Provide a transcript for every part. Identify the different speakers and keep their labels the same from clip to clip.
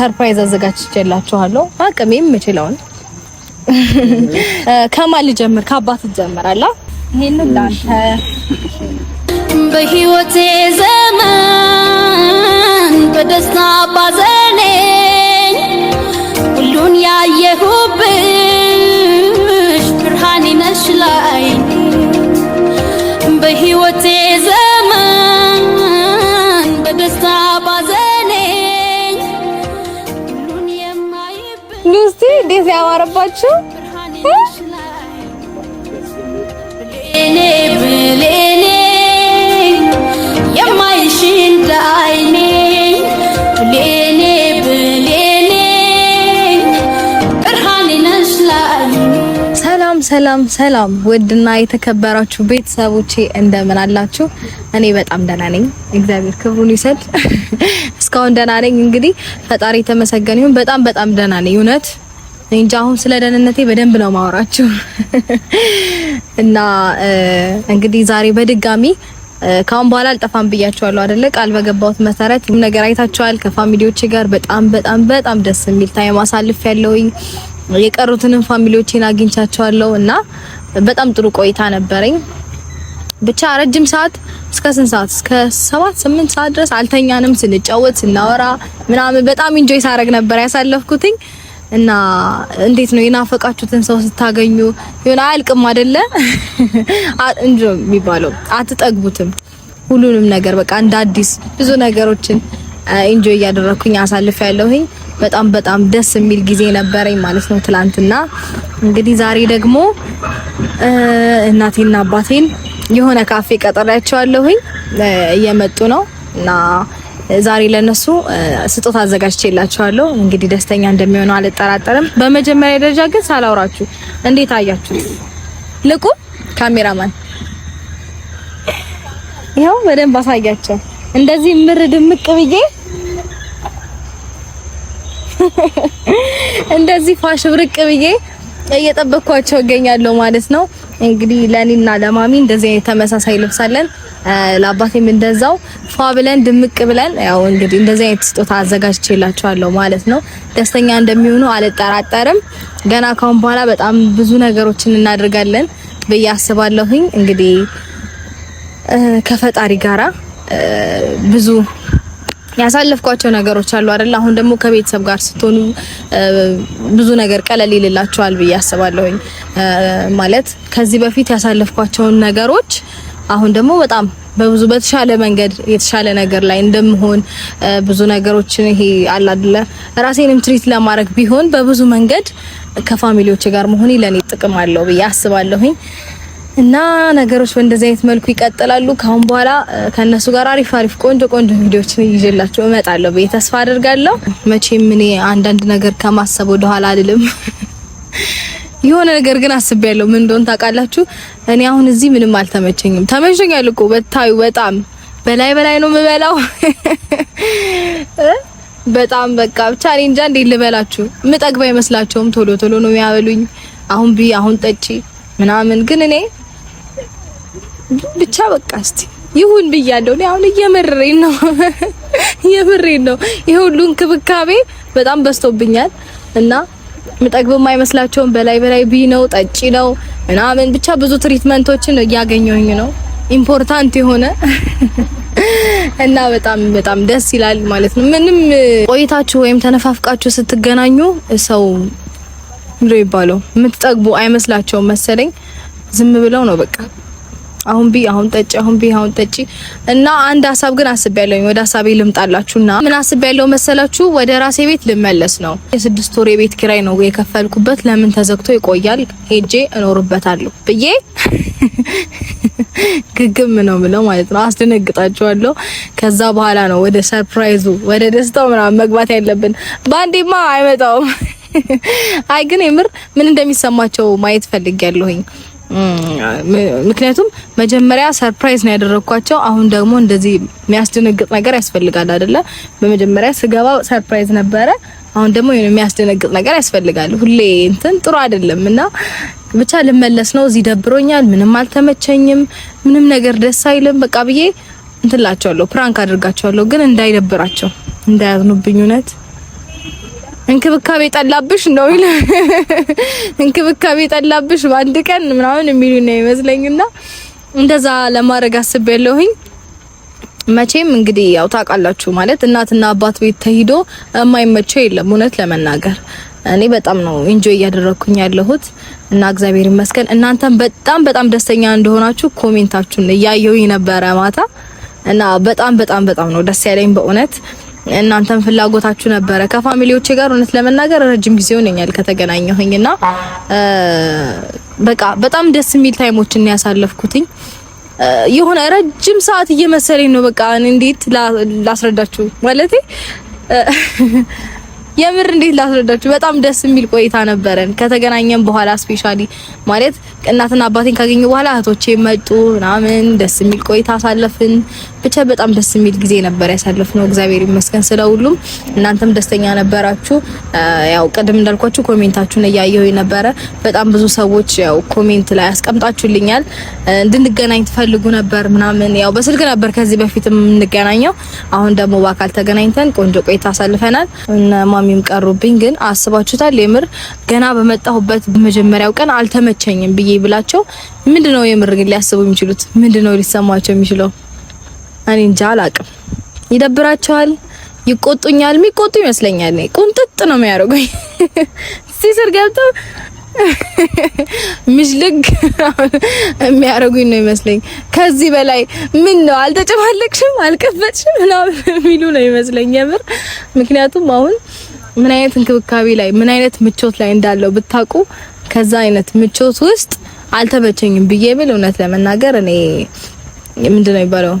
Speaker 1: ሰርፕራይዝ አዘጋጅቼላችኋለሁ። አቅሜ የምችለውን ከማን ልጀምር? ከአባት አላ ይሄን ለአንተ በህይወቴ ዘመን በደስታ ባዘኔ ሁሉን ያየሁብሽ ብርሃን ነሽ ላይ በህይወቴ ዘመን እስቲ እንዴት ያማረባችሁ! ሰላም ሰላም ውድና የተከበራችሁ ቤተሰቦቼ እንደምን አላችሁ? እኔ በጣም ደህና ነኝ፣ እግዚአብሔር ክብሩን ይሰድ እስካሁን ደህና ነኝ። እንግዲህ ፈጣሪ የተመሰገነ ይሁን። በጣም በጣም ደህና ነኝ እውነት እንጃ አሁን ስለ ደህንነቴ በደንብ ነው ማወራችሁ። እና እንግዲህ ዛሬ በድጋሚ ካሁን በኋላ አልጠፋም ብያችኋለሁ አይደለ? ቃል በገባሁት መሰረት ሁሉም ነገር አይታችኋል። ከፋሚሊዎቼ ጋር በጣም በጣም በጣም ደስ የሚል ታይም አሳልፍ ያለውኝ የቀሩትንም ፋሚሊዎቼን አግኝቻቸዋለሁ እና በጣም ጥሩ ቆይታ ነበረኝ። ብቻ ረጅም ሰዓት እስከ ስንት ሰዓት እስከ 7 8 ሰዓት ድረስ አልተኛንም። ስንጫወት ስናወራ ምናምን በጣም ኢንጆይ ሳረግ ነበር ያሳለፍኩትኝ። እና እንዴት ነው የናፈቃችሁትን ሰው ስታገኙ የሆነ አያልቅም አይደለ? እንጆ የሚባለው አትጠግቡትም። ሁሉንም ነገር በቃ እንደ አዲስ ብዙ ነገሮችን ኢንጆይ እያደረኩኝ አሳልፍ ያለሁኝ በጣም በጣም ደስ የሚል ጊዜ ነበረኝ ማለት ነው ትላንትና። እንግዲህ ዛሬ ደግሞ እናቴና አባቴን የሆነ ካፌ ቀጠሪያቸዋለሁኝ እየመጡ ነው እና ዛሬ ለነሱ ስጦታ አዘጋጅቼላችኋለሁ። እንግዲህ ደስተኛ እንደሚሆኑ አልጠራጠርም። በመጀመሪያ ደረጃ ግን ሳላውራችሁ እንዴት አያችሁት? ልቁ ካሜራማን ይኸው በደንብ አሳያቸው። እንደዚህ ምር ድምቅ ብዬ እንደዚህ ፋሽ ብርቅ ብዬ እየጠበኳቸው እገኛለሁ ማለት ነው። እንግዲህ ለኔና ለማሚ እንደዚህ አይነት ተመሳሳይ ልብሳለን ለአባቴም እንደዛው ፏ ብለን ድምቅ ብለን ያው እንግዲህ እንደዚህ አይነት ስጦታ አዘጋጅቼላችኋለሁ ማለት ነው። ደስተኛ እንደሚሆኑ አልጠራጠርም። ገና ካሁን በኋላ በጣም ብዙ ነገሮችን እናደርጋለን ብዬ አስባለሁኝ። እንግዲህ ከፈጣሪ ጋራ ብዙ ያሳለፍኳቸው ነገሮች አሉ አይደል? አሁን ደግሞ ከቤተሰብ ጋር ስትሆኑ ብዙ ነገር ቀለል ይልላቸዋል ብዬ አስባለሁኝ። ማለት ከዚህ በፊት ያሳለፍኳቸውን ነገሮች አሁን ደግሞ በጣም በብዙ በተሻለ መንገድ የተሻለ ነገር ላይ እንደምሆን ብዙ ነገሮችን ይሄ አለ አይደለ ራሴንም ትሪት ለማድረግ ቢሆን በብዙ መንገድ ከፋሚሊዎች ጋር መሆን ለኔ ጥቅም አለው ብዬ አስባለሁኝ። እና ነገሮች በእንደዚህ አይነት መልኩ ይቀጥላሉ። ካሁን በኋላ ከነሱ ጋር አሪፍ አሪፍ ቆንጆ ቆንጆ ቪዲዮዎችን ይዤላችሁ እመጣለሁ ብዬ ተስፋ አድርጋለሁ። መቼም እኔ አንዳንድ ነገር ከማሰብ ወደ ኋላ አልልም። የሆነ ነገር ግን አስቤያለሁ። ምን እንደሆነ ታውቃላችሁ? እኔ አሁን እዚህ ምንም አልተመቸኝም። ተመቸኛል እኮ በታዩ በጣም በላይ በላይ ነው የምበላው በጣም በቃ ብቻ እኔ እንጃ እንዴት ልበላችሁ። ምጠግባ አይመስላቸውም። ቶሎ ቶሎ ነው የሚያበሉኝ። አሁን ብይ አሁን ጠጪ ምናምን ግን እኔ ብቻ በቃ እስቲ ይሁን ብያለሁ። እኔ አሁን እየመረረኝ ነው እየመረረኝ ነው። ይሄ ሁሉ እንክብካቤ በጣም በዝቶብኛል እና ምጠግብ አይመስላቸውም። በላይ በላይ ቢ ነው ጠጪ ነው ምናምን ብቻ ብዙ ትሪትመንቶችን እያገኘሁኝ ነው። ኢምፖርታንት የሆነ እና በጣም በጣም ደስ ይላል ማለት ነው። ምንም ቆይታችሁ ወይም ተነፋፍቃችሁ ስትገናኙ ሰው ምንድነው ይባለው የምትጠግቡ አይመስላቸውም መሰለኝ። ዝም ብለው ነው በቃ አሁን ቢ አሁን ጠጪ አሁን ቢ አሁን ጠጪ እና አንድ ሀሳብ ግን አስቤያለሁኝ። ወደ ሀሳቤ ልምጣላችሁና ምን አስቤያለሁ መሰላችሁ? ወደ ራሴ ቤት ልመለስ ነው። የስድስት ወር የቤት ኪራይ ነው የከፈልኩበት። ለምን ተዘግቶ ይቆያል? ሄጄ እኖርበታለሁ ብዬ ግግም ነው ምለው ማለት ነው። አስደነግጣቸዋለሁ። ከዛ በኋላ ነው ወደ ሰርፕራይዙ ወደ ደስታው ምናምን መግባት ያለብን። ባንዴማ አይመጣውም። አይ ግን የምር ምን እንደሚሰማቸው ማየት ፈልጌያለሁኝ። ምክንያቱም መጀመሪያ ሰርፕራይዝ ነው ያደረኳቸው። አሁን ደግሞ እንደዚህ የሚያስደነግጥ ነገር ያስፈልጋል አይደለ? በመጀመሪያ ስገባ ሰርፕራይዝ ነበረ። አሁን ደግሞ የሚያስደነግጥ ነገር ያስፈልጋል። ሁሌ እንትን ጥሩ አይደለም እና ብቻ ልመለስ ነው። እዚህ ደብሮኛል፣ ምንም አልተመቸኝም፣ ምንም ነገር ደስ አይልም። በቃ ብዬ እንትላቸዋለሁ፣ ፕራንክ አድርጋቸዋለሁ፣ ግን እንዳይደብራቸው እንዳያዝኑብኝ እውነት እንክብካቤ ጠላብሽ ነው ይል እንክብካቤ ጠላብሽ በአንድ ቀን ምናምን የሚሉ ነው ይመስለኝና እንደዛ ለማድረግ አስቤያለሁኝ። መቼም እንግዲህ ያው ታውቃላችሁ ማለት እናትና አባት ቤት ተሂዶ የማይመቸው የለም። እውነት ለመናገር እኔ በጣም ነው ኢንጆይ እያደረኩኝ ያለሁት እና እግዚአብሔር ይመስገን። እናንተም በጣም በጣም ደስተኛ እንደሆናችሁ ኮሜንታችሁን እያየሁኝ ነበረ ማታ እና በጣም በጣም በጣም ነው ደስ ያለኝ በእውነት እናንተም ፍላጎታችሁ ነበረ። ከፋሚሊዎች ጋር እውነት ለመናገር ረጅም ጊዜ ሆነኛል ከተገናኘሁኝና በቃ በጣም ደስ የሚል ታይሞችን ያሳለፍኩትኝ የሆነ ረጅም ሰዓት እየመሰለኝ ነው። በቃ እንዴት ላስረዳችሁ ማለት የምር እንዴት ላስረዳችሁ፣ በጣም ደስ የሚል ቆይታ ነበረን። ከተገናኘን በኋላ ስፔሻሊ ማለት እናትና አባቴን ካገኘ በኋላ እህቶቼ መጡ ምናምን፣ ደስ የሚል ቆይታ አሳለፍን። ብቻ በጣም ደስ የሚል ጊዜ ነበር ያሳለፍነው። እግዚአብሔር ይመስገን ስለ ሁሉም። እናንተም ደስተኛ ነበራችሁ። ያው ቅድም እንዳልኳችሁ ኮሜንታችሁን እያየሁ ነበረ። በጣም ብዙ ሰዎች ያው ኮሜንት ላይ አስቀምጣችሁልኛል እንድንገናኝ ትፈልጉ ነበር ምናምን። ያው በስልክ ነበር ከዚህ በፊት የምንገናኘው። አሁን ደግሞ በአካል ተገናኝተን ቆንጆ ቆይታ አሳልፈናል። እነ ማሚም ቀሩብኝ። ግን አስባችሁታል? የምር ገና በመጣሁበት መጀመሪያው ቀን አልተመቸኝም ብዬ ብላቸው ምንድነው የምር ግን ሊያስቡ የሚችሉት ምንድነው ሊሰማቸው የሚችለው? እኔ እንጃ አላቅም። ይደብራቸዋል፣ ይቆጡኛል። የሚቆጡ ይመስለኛል። ቁንጥጥ ነው የሚያደርጉኝ እዚህ ገብተው ምሽልግ የሚያደርጉኝ ነው ይመስለኝ። ከዚህ በላይ ምን ነው አልተጨማለቅሽም፣ አልቀፈጥሽም ምናምን የሚሉ ነው ይመስለኝ የምር። ምክንያቱም አሁን ምን አይነት እንክብካቤ ላይ ምን አይነት ምቾት ላይ እንዳለው ብታውቁ። ከዛ አይነት ምቾት ውስጥ አልተመቸኝም ብዬ ብል እውነት ለመናገር እኔ ምንድነው ይባለው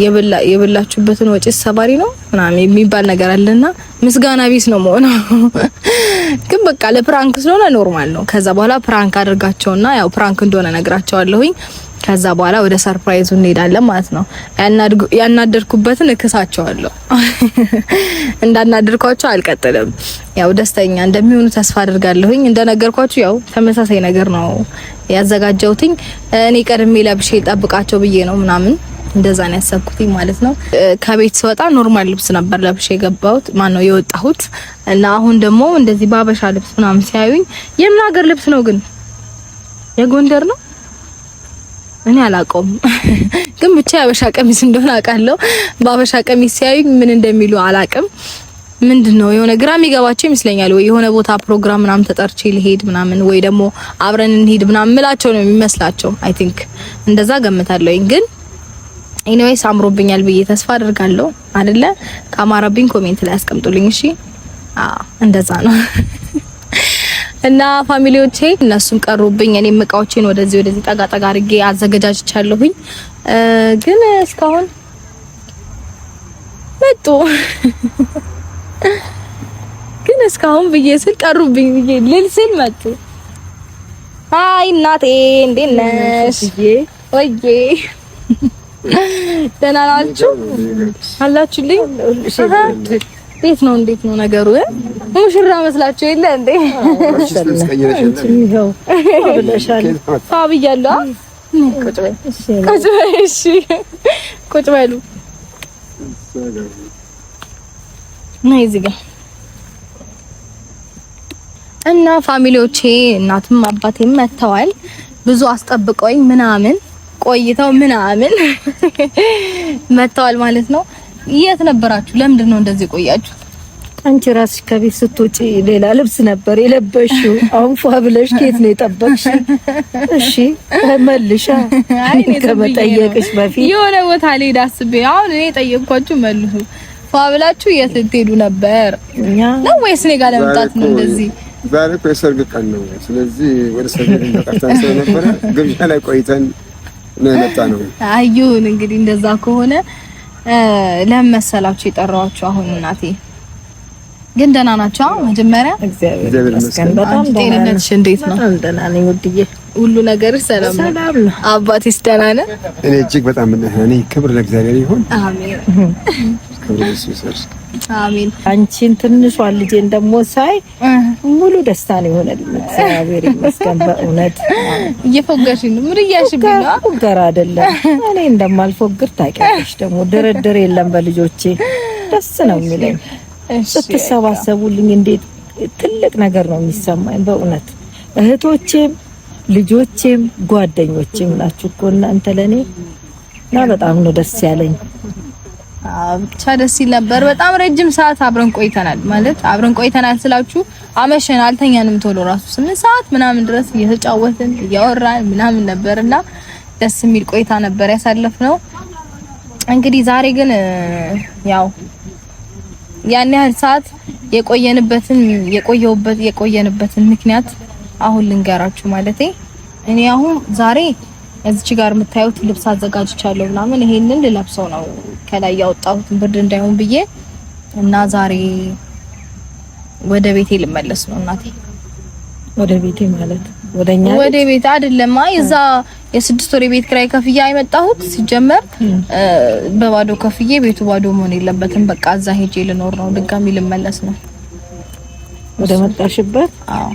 Speaker 1: የበላችሁበትን ወጪ ሰባሪ ነው ምናምን የሚባል ነገር አለና ምስጋና ቢስ ነው መሆኑ። ግን በቃ ለፕራንክ ስለሆነ ኖርማል ነው። ከዛ በኋላ ፕራንክ አድርጋቸውና ያው ፕራንክ እንደሆነ ነግራቸዋለሁኝ። ከዛ በኋላ ወደ ሰርፕራይዙ እንሄዳለን ማለት ነው። ያናደርኩበትን እክሳቸዋለሁ። እንዳናደርኳቸው አልቀጥልም። ያው ደስተኛ እንደሚሆኑ ተስፋ አድርጋለሁኝ። እንደነገርኳችሁ ያው ተመሳሳይ ነገር ነው ያዘጋጀውትኝ እኔ ቀድሜ ለብሼ ጠብቃቸው ብዬ ነው ምናምን እንደዛ ነው ያሰብኩትኝ ማለት ነው። ከቤት ስወጣ ኖርማል ልብስ ነበር ለብሼ የገባሁት ማን ነው የወጣሁት። እና አሁን ደግሞ እንደዚህ ባበሻ ልብስ ምናምን ሲያዩኝ የምን ሀገር ልብስ ነው ግን የጎንደር ነው እኔ አላውቀውም፣ ግን ብቻ የአበሻ ቀሚስ እንደሆነ አውቃለሁ። በአበሻ ቀሚስ ሲያዩኝ ምን እንደሚሉ አላውቅም። ምንድን ነው የሆነ ግራ የሚገባቸው ይመስለኛል። ወይ የሆነ ቦታ ፕሮግራም ምናምን ተጠርቼ ልሄድ ምናምን ወይ ደግሞ አብረን እንሄድ ምናምን ምላቸው ነው የሚመስላቸው። አይ ቲንክ እንደዛ ገምታለሁ ግን ኤኒዌይስ አምሮብኛል ብዬ ተስፋ አድርጋለሁ። አይደለ ከአማረብኝ ኮሜንት ላይ አስቀምጡልኝ። እሺ እንደዛ ነው እና ፋሚሊዎቼ እነሱም ቀሩብኝ። እኔም እቃዎቼን ወደዚህ ወደዚህ ጠጋ ጠጋ አድርጌ አዘገጃጅቻለሁኝ። ግን እስካሁን መጡ ግን እስካሁን ብዬ ስል ቀሩብኝ ብዬ ልል ስል መጡ። አይ እናቴ እንዴት ነሽ? ወይዬ ደህና ናችሁ አላችሁልኝ? እንዴት ነው እንዴት ነው ነገሩ? ሙሽራ መስላችሁ የለ እንዴ? ብያለሁ። ቁጭ በሉ ነይ እዚህ ጋር እና ፋሚሊዎቼ እናትም አባቴም መጥተዋል። ብዙ አስጠብቀውኝ ምናምን ቆይተው ምናምን መጥተዋል ማለት ነው። የት ነበራችሁ? ለምንድን ነው እንደዚህ ቆያችሁ? አንቺ ራስሽ ከቤት ስትወጪ ሌላ ልብስ ነበር የለበሽው። አሁን ፏ ብለሽ ከየት ነው የጠበቅሽ? እሺ መልሻ ከመጠየቅሽ በፊት የሆነ ቦታ ልሄድ አስቤ አሁን እኔ ጠየቅኳችሁ መልሱ። ፏ ብላችሁ የት ልትሄዱ ነበር ነው ወይስ እኔ ጋር ለመምጣት ነው እንደዚህ?
Speaker 2: ዛሬ እኮ የሰርግ ቀን ነው። ስለዚህ ወደ ሰርግ ቀርተን ስለነበረ ግብዣ ላይ ቆይተን ነው
Speaker 1: የመጣ ነው። አዩን እንግዲህ እንደዛ ከሆነ ለመሰላችሁ መሰላችሁ የጠራኋችሁ? አሁን እናቴ ግን ደህና ናቸው። መጀመሪያ እግዚአብሔር ይመስገን። በጣም ጤንነትሽ እንዴት ነው? ደህና ነኝ ውድዬ። ሁሉ ነገር ሰላም ነው። አባቴስ ደህና ነህ?
Speaker 2: እኔ እጅግ በጣም ደህና ነኝ። ክብር ለእግዚአብሔር ይሁን።
Speaker 1: አሜን አሜን። አንቺን ትንሿ ልጄን ደግሞ ሳይ ሙሉ ደስታ ነው የሆነልኝ። እግዚአብሔር ይመስገን በእውነት እየፎገርሽ ነው። ምን እያልሽ ነው? ፎገር አይደለም እኔ እንደማልፎግር ታውቂያለሽ። ደግሞ ድርድር የለም በልጆቼ ደስ ነው የሚለኝ። ስትሰባሰቡልኝ እንዴት ትልቅ ነገር ነው የሚሰማኝ በእውነት እህቶቼም ልጆቼም ጓደኞቼም ናችሁ እኮ እናንተ ለእኔ እና በጣም ነው ደስ ያለኝ። ብቻ ደስ ይል ነበር። በጣም ረጅም ሰዓት አብረን ቆይተናል። ማለት አብረን ቆይተናል ስላችሁ አመሸን፣ አልተኛንም ቶሎ ራሱ ስምንት ሰዓት ምናምን ድረስ እየተጫወትን እያወራን ምናምን ነበርና ደስ የሚል ቆይታ ነበር ያሳለፍነው። እንግዲህ ዛሬ ግን ያው ያን ያህል ሰዓት የቆየንበትን የቆየውበት የቆየንበትን ምክንያት አሁን ልንገራችሁ። ማለቴ እኔ አሁን ዛሬ እዚች ጋር የምታዩት ልብስ አዘጋጅቻለሁ ምናምን ይሄንን ልለብሰው ነው ከላይ ያወጣሁትን ብርድ እንዳይሆን ብዬ እና ዛሬ ወደ ቤቴ ልመለስ ነው እናቴ። ወደ ቤቴ ማለት ወደኛ ወደ ቤት አይደለም። እዛ የስድስት ወር ቤት ክራይ ከፍዬ አይመጣሁት ሲጀመር በባዶ ከፍዬ ቤቱ ባዶ መሆን የለበትም። በቃ እዛ ሄጄ ልኖር ነው፣ ድጋሚ ልመለስ ነው ወደ መጣሽበት። አዎ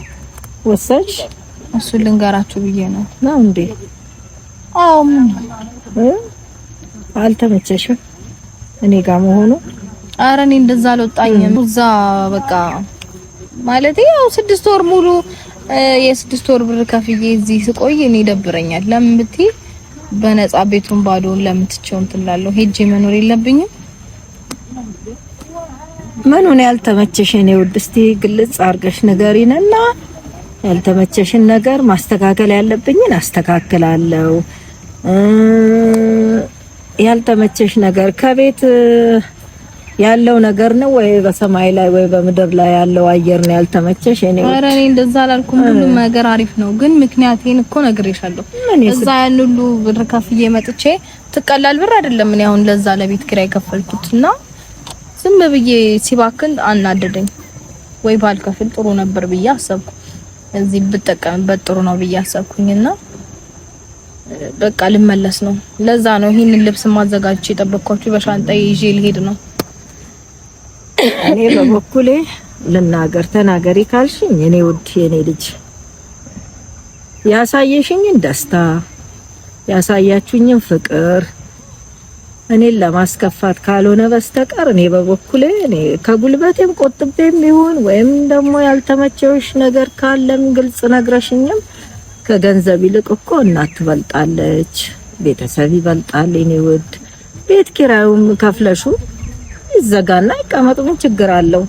Speaker 1: ወሰንሽ? እሱን ልንገራችሁ ብዬ ነው ነው እንዴ አዎ አልተመቸሽም እኔ ጋር መሆኑ? አረ እኔ እንደዛ አልወጣኝም። እዛ በቃ ማለት ያው ስድስት ወር ሙሉ የስድስት ወር ብር ከፍዬ እዚህ ስቆይ እኔ ይደብረኛል። ለምን ብትይ በነፃ ቤቱን እንትን እላለሁ። ሄጄ መኖር የለብኝም። ያልተመቸሽ እኔ ውድ? እስቲ ግልጽ አድርገሽ ንገሪን እና ያልተመቸሽን ነገር ማስተካከል ያለብኝን አስተካክላለሁ። ያልተመቸሽ ነገር ከቤት ያለው ነገር ነው ወይ በሰማይ ላይ ወይ በምድር ላይ ያለው አየር ነው ያልተመቸሽ? እኔ ኧረ እኔ እንደዛ አላልኩም። ሁሉም ነገር አሪፍ ነው፣ ግን ምክንያቴን እኮ ነግሬሻለሁ። እዛ ያን ሁሉ ብር ከፍዬ መጥቼ ትቀላል ብር አይደለም እኔ አሁን ለዛ ለቤት ኪራይ የከፈልኩት እና ዝም ብዬ ሲባክን አናደደኝ። ወይ ባልከፍል ጥሩ ነበር ብዬ አሰብኩ፣ እዚህ ብጠቀምበት ጥሩ ነው ብዬ አሰብኩኝና በቃ ልመለስ ነው። ለዛ ነው ይህንን ልብስ ማዘጋጅ የጠበቅኳችሁ። በሻንጣዬ ይዤ ልሄድ ነው። እኔ በበኩሌ ልናገር፣ ተናገሪ ካልሽኝ እኔ ውድ የኔ ልጅ ያሳየሽኝን ደስታ ያሳያችሁኝን ፍቅር እኔን ለማስከፋት ካልሆነ በስተቀር እኔ በበኩሌ እኔ ከጉልበቴም ቆጥቤም ይሁን ወይም ደግሞ ያልተመቸውሽ ነገር ካለም ግልጽ ነግረሽኝም ከገንዘብ ይልቅ እኮ እናት ትበልጣለች፣ ቤተሰብ ይበልጣል። እኔ ውድ ቤት ኪራዩም ከፍለሹ ይዘጋና ይቀመጥ ምን ችግር አለው?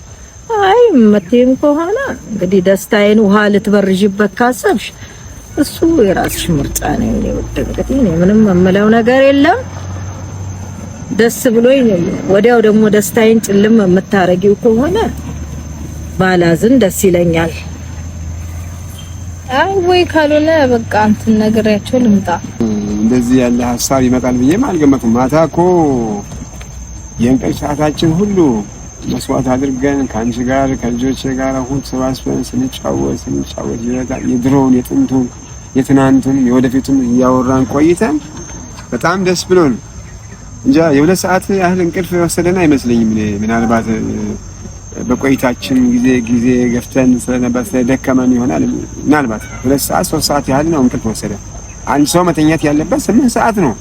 Speaker 1: አይ መቴም ከሆነ እንግዲህ ደስታዬን ውሃ ልትበርዥበት ካሰብሽ እሱ የራስሽ ምርጫ ነው። እኔ ውድ እንግዲህ እኔ ምንም የምለው ነገር የለም። ደስ ብሎኝ ወዲያው ደግሞ ደስታዬን ጭልም የምታረጊው ከሆነ ባላዝን ደስ ይለኛል። አይ ወይ ካልሆነ በቃ እንትን ነግሬያቸው ልምጣ።
Speaker 2: እንደዚህ ያለ ሀሳብ ይመጣል ብዬም አልገመትኩም። ማታ እኮ የእንቅልፍ ሰዓታችን ሁሉ መስዋዕት አድርገን ከአንቺ ጋር ከልጆቼ ጋር ሁን ተሰባስበን ስንጫወት ስንጫወት የድሮውን የጥንቱን የትናንቱን የወደፊቱን እያወራን ቆይተን በጣም ደስ ብሎን እንጃ የሁለት ሰዓት ያህል እንቅልፍ የወሰደን አይመስለኝም ምናልባት በቆይታችን ጊዜ ጊዜ ገፍተን ስለነበር ስለደከመን ይሆናል ምናልባት ሁለት ሰዓት ሶስት ሰዓት ያህል ነው እንቅልፍ ወሰደ። አንድ ሰው መተኛት ያለበት ስምንት ሰዓት ነው።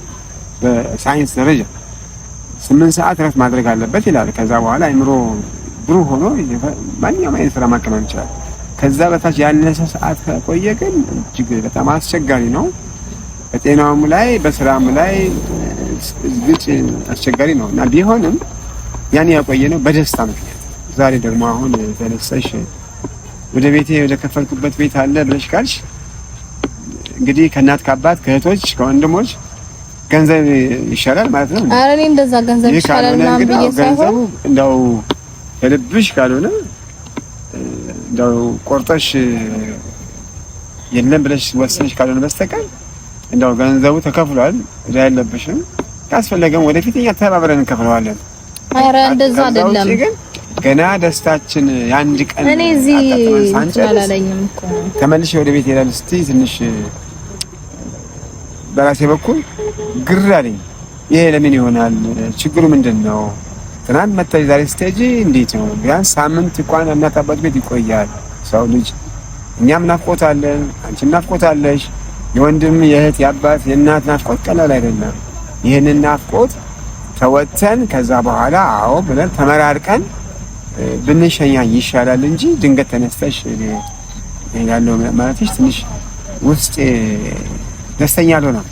Speaker 2: በሳይንስ ደረጃ ስምንት ሰዓት እረፍት ማድረግ አለበት ይላል። ከዛ በኋላ አይምሮ ብሩህ ሆኖ ማንኛውም አይነት ስራ ማከናወን ይችላል። ከዛ በታች ያነሰ ሰዓት ከቆየ ግን እጅግ በጣም አስቸጋሪ ነው። በጤናውም ላይ በስራም ላይ ግጭ አስቸጋሪ ነው እና ቢሆንም ያን ያቆየ ነው በደስታ ምክንያት ዛሬ ደግሞ አሁን ተነሳሽ ወደ ቤቴ ወደ ከፈልኩበት ቤት አለ ብለሽ ካልሽ እንግዲህ ከእናት ከአባት ከእህቶች ከወንድሞች ገንዘብ ይሻላል ማለት ነው።
Speaker 1: አረ እኔ እንደዛ ገንዘብ ይሻላል ምናምን ብዬሽ ሳይሆን
Speaker 2: እንደው ከልብሽ ካልሆነ እንደው ቆርጠሽ የለም ብለሽ ወሰንሽ ካልሆነ በስተቀር እንደው ገንዘቡ ተከፍሏል እዳ ያለብሽም ካስፈለገም ወደፊት እኛ ተባብረን እንከፍለዋለን።
Speaker 1: አረ እንደዛ አይደለም።
Speaker 2: ገና ደስታችን የአንድ ቀን እኔ እዚህ ተመልሼ ወደ ቤት ሄዳለሁ እስቲ ትንሽ በራሴ በኩል ግር አለኝ። ይሄ ለምን ይሆናል? ችግሩ ምንድን ነው? ትናንት መጥተሽ ዛሬ ስትሄጂ እንዴት ነው? ቢያንስ ሳምንት እንኳን እናት አባት ቤት ይቆያል ሰው ልጅ። እኛም ናፍቆታለን፣ አንቺ ናፍቆታለሽ። የወንድም የእህት የአባት የእናት ናፍቆት ቀላል አይደለም። ይህንን ናፍቆት ተወጥተን ከዛ በኋላ አዎ ብለን ተመራርቀን ብንሸኛ ይሻላል እንጂ ድንገት ተነስተሽ ያለው ማለትሽ ትንሽ ውስጥ ደስተኛ አልሆነም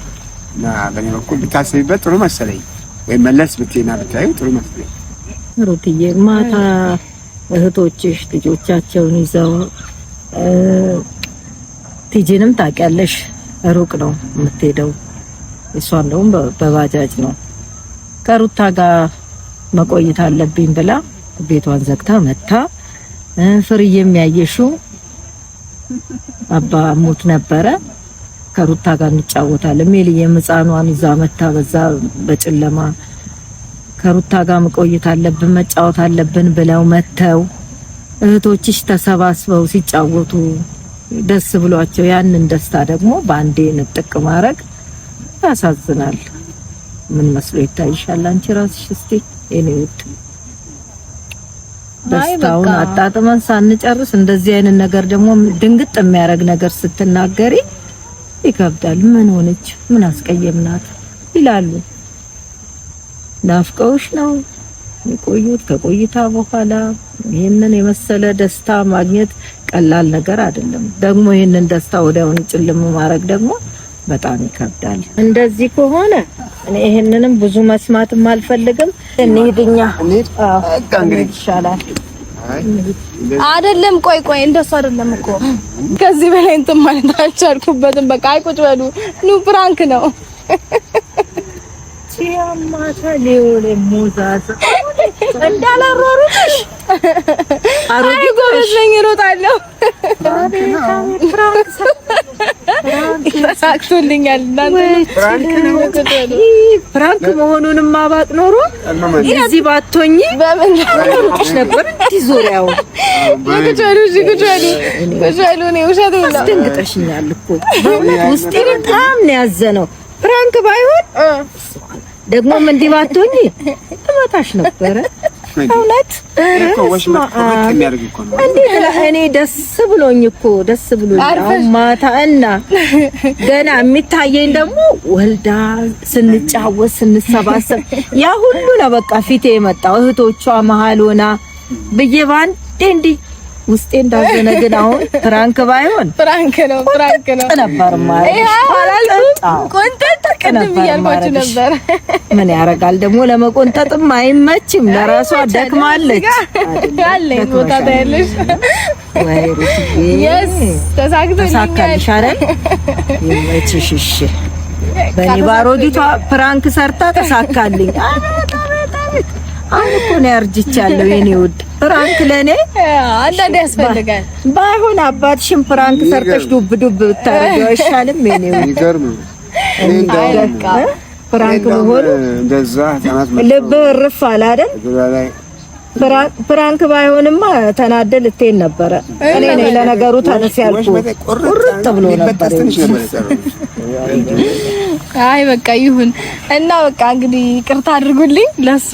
Speaker 2: እና በእኔ በኩል ብታስቢበት ጥሩ መሰለኝ። ወይም መለስ ብትይና ብታዩ ጥሩ መሰለኝ።
Speaker 1: ሩትዬ ማታ እህቶችሽ ልጆቻቸውን ይዘው ቲጂንም ታውቂያለሽ፣ ሩቅ ነው የምትሄደው። እሷ እንደውም በባጃጅ ነው ከሩታ ጋር መቆየት አለብኝ ብላ ቤቷን ዘግታ መታ ፍርዬ የሚያየሹ አባ ሙት ነበረ። ከሩታ ጋር እንጫወታለን። ሜል የምጻኗን ይዛ መታ በዛ በጨለማ ከሩታ ጋር መቆየት አለብን መጫወት አለብን ብለው መተው እህቶችሽ ተሰባስበው ሲጫወቱ ደስ ብሏቸው ያንን ደስታ ደግሞ በአንዴ ንጥቅ ማድረግ ያሳዝናል። ምን መስሎ ይታይሻል አንቺ ራስሽ? እስቲ እኔ ደስታውን አጣጥመን ሳንጨርስ እንደዚህ አይነት ነገር ደግሞ ድንግጥ የሚያደርግ ነገር ስትናገሪ ይከብዳል። ምን ሆነች? ምን አስቀየምናት ይላሉ። ናፍቀውሽ ነው የቆዩት። ከቆይታ በኋላ ይህንን የመሰለ ደስታ ማግኘት ቀላል ነገር አይደለም። ደግሞ ይህንን ደስታ ወዲያውኑ ጭልም ማድረግ ደግሞ በጣም ይከብዳል። እንደዚህ ከሆነ እኔ ይሄንንም ብዙ መስማትም አልፈልግም። እንሂድኛ ይሻላል አይደለም? ቆይ ቆይ፣ እንደሱ አይደለም እኮ ከዚህ በላይ እንትን ማለት አልቻልኩበትም። በቃ አይቁጭ በሉ ኑ፣ ፕራንክ ነው። ሲያማታ ሊውል ሙዛዛ እንዳላሮሩሽ አሮጊት ነኝ፣ እሮጣለሁ ተሳክቶልኛል። ፍራንክ መሆኑንም ማባቅ ኖሮ እዚህ ባቶኝ በምንሽ ነበር። አስደንግጠሽኛል እኮ ውስጤ በጣም ነው ያዘነው። ፍራንክ ባይሆን ደግሞም እንዲህ ባቶኝ እመታሽ ነበረ። እኔ ደስ ብሎኝ እኮ ደስ ብሎኝ ማታ እና ገና የሚታየኝ ደግሞ ወልዳ ስንጫወት ስንሰባሰብ ያ ሁሉ ነው በቃ ፊቴ የመጣው እህቶቿ መሀል ሆና ብዬ ባንዴ እንዲህ ውስጤ እንዳዘነ ግን አሁን ፍራንክ ባይሆን ፍራንክ ነው ፍራንክ ነው ነበር ማለት ነው። እያልኳችሁ ነበር። ምን ያረጋል ደግሞ ለመቆንጠጥም አይመችም። ለራሷ ደክማለች አለኝ ቦታ ታያለሽ። የስ ተሳክቶልኛል አይደል? ይመችሽ። እሺ በኔ ባሮዲቷ ፍራንክ ሰርታ ተሳካልኝ። አሁን እኮ ነው ያርጅቻለሁ የኔ ውድ። ፕራንክ ለኔ አንዳንዴ ያስፈልጋል። ባይሆን አባትሽን ፕራንክ ሰርተሽ ዱብ ዱብ ብታረጊው አይሻልም? የኔ ውድ ይገርምሽ። ፕራንክ መሆኑ እንደዛ ልብህ እርፍ አለ አይደል? ፕራንክ ባይሆንማ ተናደ ልትሄድ ነበረ። እኔ ነኝ ለነገሩ ተነስ ያልኩ ቁርጥ ብሎ ነበር። አይ በቃ ይሁን እና በቃ እንግዲህ ቅርታ አድርጉልኝ ለሱ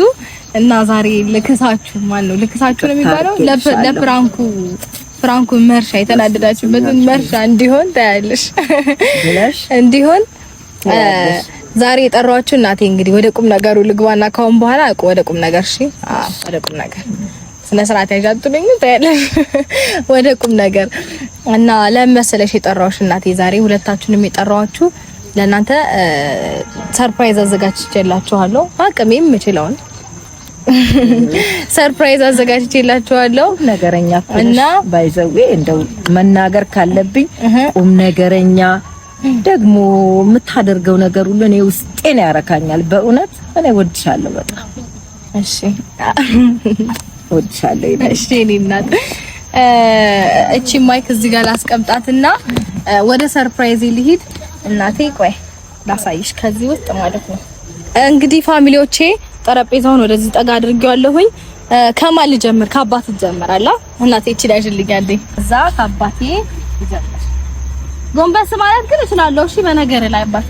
Speaker 1: እና ዛሬ ልክሳችሁ ማለት ነው። ልክሳችሁ ነው የሚባለው ለፍራንኩ ፍራንኩ መርሻ የተናደዳችሁበትን መርሻ እንዲሆን ታያለሽ እንዲሆን ዛሬ የጠሯችሁ እናቴ እንግዲህ ወደ ቁም ነገሩ ልግባና ካሁን በኋላ አቁ ወደ ቁም ነገር እሺ፣ አዎ ወደ ቁም ነገር ስነ ስርዓት ያጃጥልኝ ታያለሽ። ወደ ቁም ነገር እና ለምን መሰለሽ የጠራሁሽ እናቴ ዛሬ ሁለታችሁንም የጠራኋችሁ ለእናንተ ሰርፕራይዝ አዘጋጅቼላችኋለሁ። አቅሜ የምችለውን ሰርፕራይዝ አዘጋጅቼላችኋለሁ። ነገረኛ እና ባይዘዌ እንደው መናገር ካለብኝ ቁም ነገረኛ ደግሞ የምታደርገው ነገር ሁሉ እኔ ውስጤን ያረካኛል። በእውነት እኔ ወድሻለሁ በጣም እሺ፣ ወድሻለሁ። እሺ፣ እኔ እናት እቺ ማይክ እዚህ ጋር ላስቀምጣትና ወደ ሰርፕራይዝ ልሂድ። እናቴ ቆይ ላሳይሽ ከዚህ ውስጥ ማለት ነው። እንግዲህ ፋሚሊዎቼ ጠረጴዛውን ወደዚህ ጠጋ አድርጌዋለሁኝ። ከማን ልጀምር? ከአባት ትጀምራላ። እናቴ እቺ ላይ ልጋልኝ እዛ ከአባቴ ይጀምር ጎንበስ ማለት ግን እችላለሁ። እሺ በነገር ላይ አባቴ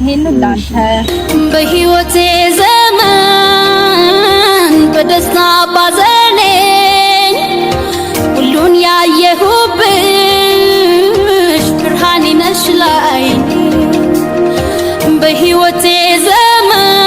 Speaker 1: ይሄን ላንተ በህይወቴ ዘመን በደስታ ባዘኔ ሁሉን ያየሁብኝ ብርሃን ነሽ በሕይወቴ ዘመን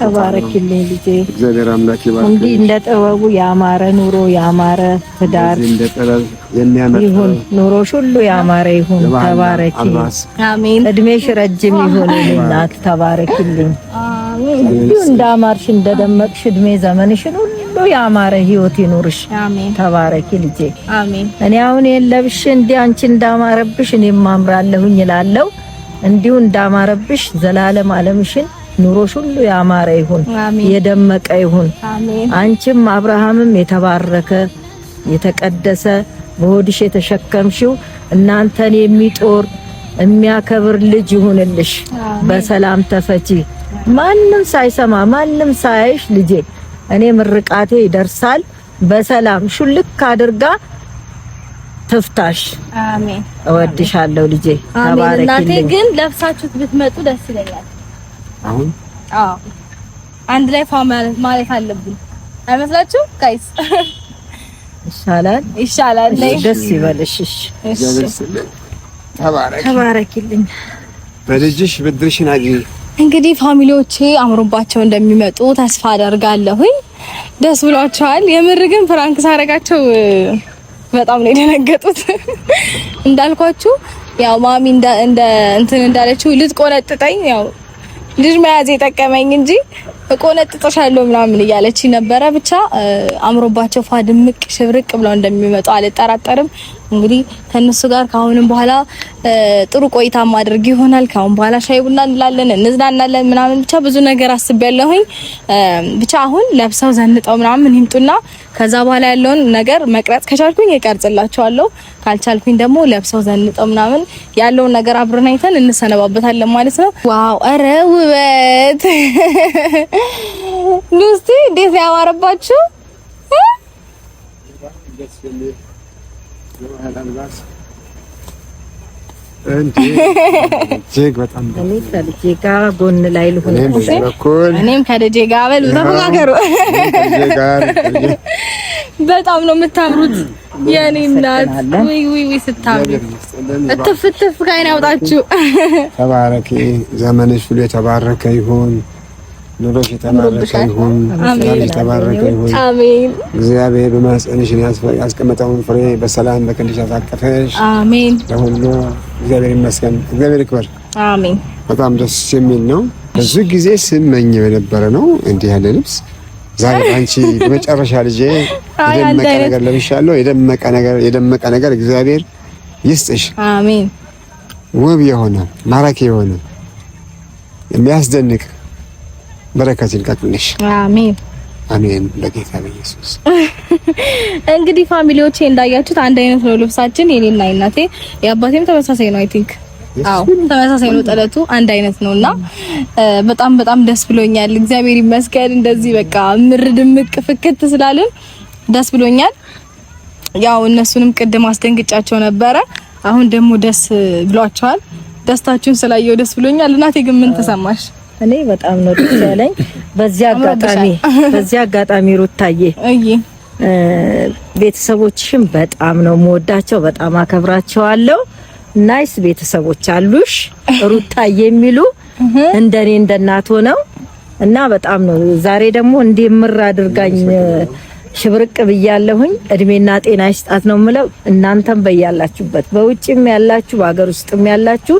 Speaker 1: ተባረክልኝ ልጄ። እግዚአብሔር አምላክ ይባርክ። እንዲህ እንደ ጥበቡ ያማረ ኑሮ ያማረ ትዳር ይሁን፣ ኑሮሽ ሁሉ ያማረ ይሁን። ተባረክ። አሜን። እድሜሽ ረጅም ይሁን እናት። ተባረክልኝ። ሁሉ እንዳማርሽ እንደደመቅሽ እድሜ ዘመንሽን ሁሉ ያማረ ህይወት ይኑርሽ። ተባረኪ ልጄ። እኔ አሁን የለብሽ እንዲህ አንቺ እንዳማረብሽ እኔም አምራለሁኝ እላለሁ። እንዲሁ እንዳማረብሽ ዘላለም አለምሽን ኑሮሽ ሁሉ ያማረ ይሁን፣ የደመቀ ይሁን። አንቺም አብርሃምም የተባረከ የተቀደሰ በሆድሽ የተሸከምሽው እናንተን የሚጦር የሚያከብር ልጅ ይሁንልሽ። በሰላም ተፈቺ። ማንም ሳይሰማ ማንም ሳያይሽ ልጄ እኔ ምርቃቴ ይደርሳል። በሰላም ሹልክ አድርጋ ትፍታሽ። አሜን። እወድሻለሁ ልጄ። ተባረኪልኝ። እናቴ ግን ለብሳችሁት ብትመጡ ደስ ይለኛል። አሁን አንድ ላይ ፋ ማለት አለብን አይመስላችሁ? ጋይስ ይሻላል፣ ይሻላል። ደስ ይበልሽ። እሺ፣
Speaker 2: በልጅሽ ብድርሽን አግኝ።
Speaker 1: እንግዲህ ፋሚሊዎቼ አምሮባቸው እንደሚመጡ ተስፋ አደርጋለሁኝ። ደስ ብሏቸዋል። የምር ግን ፍራንክ ሳረጋቸው በጣም ነው የደነገጡት። እንዳልኳችሁ ያው ማሚ እንደ እንትን እንዳለችው ልትቆነጥጠኝ ያው ልጅ መያዝ የጠቀመኝ እንጂ እቆነጥጥሻለሁ ምናምን እያለች ነበረ። ብቻ አምሮባቸው ፏ ድምቅ ሽብርቅ ብለው እንደሚመጡ አልጠራጠርም። እንግዲህ ከነሱ ጋር ከአሁንም በኋላ ጥሩ ቆይታ ማድረግ ይሆናል። ከአሁን በኋላ ሻይ ቡና እንላለን፣ እንዝናናለን ምናምን ብቻ ብዙ ነገር አስቤያለሁኝ። ብቻ አሁን ለብሰው ዘንጠው ምናምን ይምጡና ከዛ በኋላ ያለውን ነገር መቅረጽ ከቻልኩኝ እቀርጽላችኋለሁ፣ ካልቻልኩኝ ደግሞ ለብሰው ዘንጠው ምናምን ያለውን ነገር አብረን አይተን እንሰነባበታለን ማለት ነው። ዋው! አረ ውበት ሉስቲ እንዴት ያማረባችሁ! እጅግ በጣም እኔ ከልጄ ጋር ጎን ላይ ልሁን። እኔም ከልጄ ጋር በሉ በጣም ነው የምታምሩት የኔ እናት። ውይ ውይ ውይ ስታምሩ እትፍ እትፍ ያውጣችሁ።
Speaker 2: ተባረኪ፣ ዘመንሽ ሁሉ የተባረከ ይሁን። ኑሮሽ የተባረከ ይሁን። ትዳርሽ የተባረከ ይሁን። አሜን። እግዚአብሔር በማህፀንሽን ያስቀመጠውን ፍሬ በሰላም በክንድሽ ያሳቀፈሽ። አሜን። ለሁሉ እግዚአብሔር ይመስገን፣ እግዚአብሔር ይክበር። አሜን። በጣም ደስ የሚል ነው። ብዙ ጊዜ ስመኝ የነበረ ነው እንዲህ ያለ ልብስ። ዛሬ አንቺ በመጨረሻ ልጄ የደመቀ ነገር ለብሻለሁ። የደመቀ ነገር የደመቀ ነገር እግዚአብሔር ይስጥሽ። አሜን። ውብ የሆነ ማራኪ የሆነ የሚያስደንቅ በረከትን ቀቅልሽ። አሜን አሜን። ለጌታ ለኢየሱስ
Speaker 1: እንግዲህ ፋሚሊዎቼ እንዳያችሁት አንድ አይነት ነው ልብሳችን፣ የኔና የእናቴ የአባቴም ተመሳሳይ ነው። አይ ቲንክ አዎ ተመሳሳይ ነው። ጥለቱ አንድ አይነት ነውና በጣም በጣም ደስ ብሎኛል። እግዚአብሔር ይመስገን። እንደዚህ በቃ ምር ድምቅ ፍክት ስላልን ደስ ብሎኛል። ያው እነሱንም ቅድም አስደንግጫቸው ነበረ። አሁን ደግሞ ደስ ብሏቸዋል። ደስታችሁን ስላየው ደስ ብሎኛል። እናቴ ግን ምን ተሰማሽ? እኔ በጣም ነው ደስ ያለኝ። በዚህ አጋጣሚ በዚህ አጋጣሚ ሩታዬ ቤተሰቦችሽም በጣም ነው የምወዳቸው፣ በጣም አከብራቸዋለሁ። ናይስ ቤተሰቦች አሉሽ ሩታዬ የሚሉ እንደኔ እንደናት ሆነው እና በጣም ነው ዛሬ ደግሞ እንዲህ ምር አድርጋኝ ሽብርቅ ብያለሁኝ። እድሜና ጤና ይስጣት ነው ምለው። እናንተም በያላችሁበት በውጭም ያላችሁ በሀገር ውስጥም ያላችሁ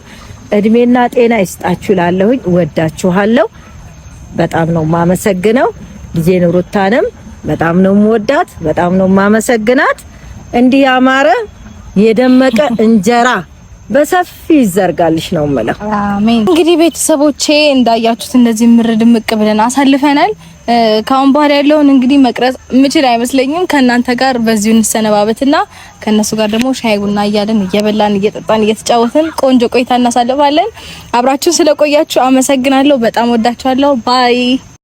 Speaker 1: እድሜና ጤና ይስጣችሁ። ላለሁኝ ወዳችኋለሁ። በጣም ነው ማመሰግነው። ልጄን ሩታንም በጣም ነው ወዳት በጣም ነው ማመሰግናት። እንዲህ ያማረ የደመቀ እንጀራ በሰፊ ይዘርጋልሽ ነው የምለው። አሜን። እንግዲህ ቤተሰቦቼ እንዳያችሁት እንደዚህ ድምቅ ብለን አሳልፈናል። ከአሁን በኋላ ያለውን እንግዲህ መቅረጽ ምችል አይመስለኝም። ከእናንተ ጋር በዚሁ እንሰነባበትና ከእነሱ ጋር ደግሞ ሻይ ቡና እያለን እየበላን እየጠጣን እየተጫወትን ቆንጆ ቆይታ እናሳልፋለን። አብራችሁን ስለቆያችሁ አመሰግናለሁ። በጣም ወዳችኋለሁ። ባይ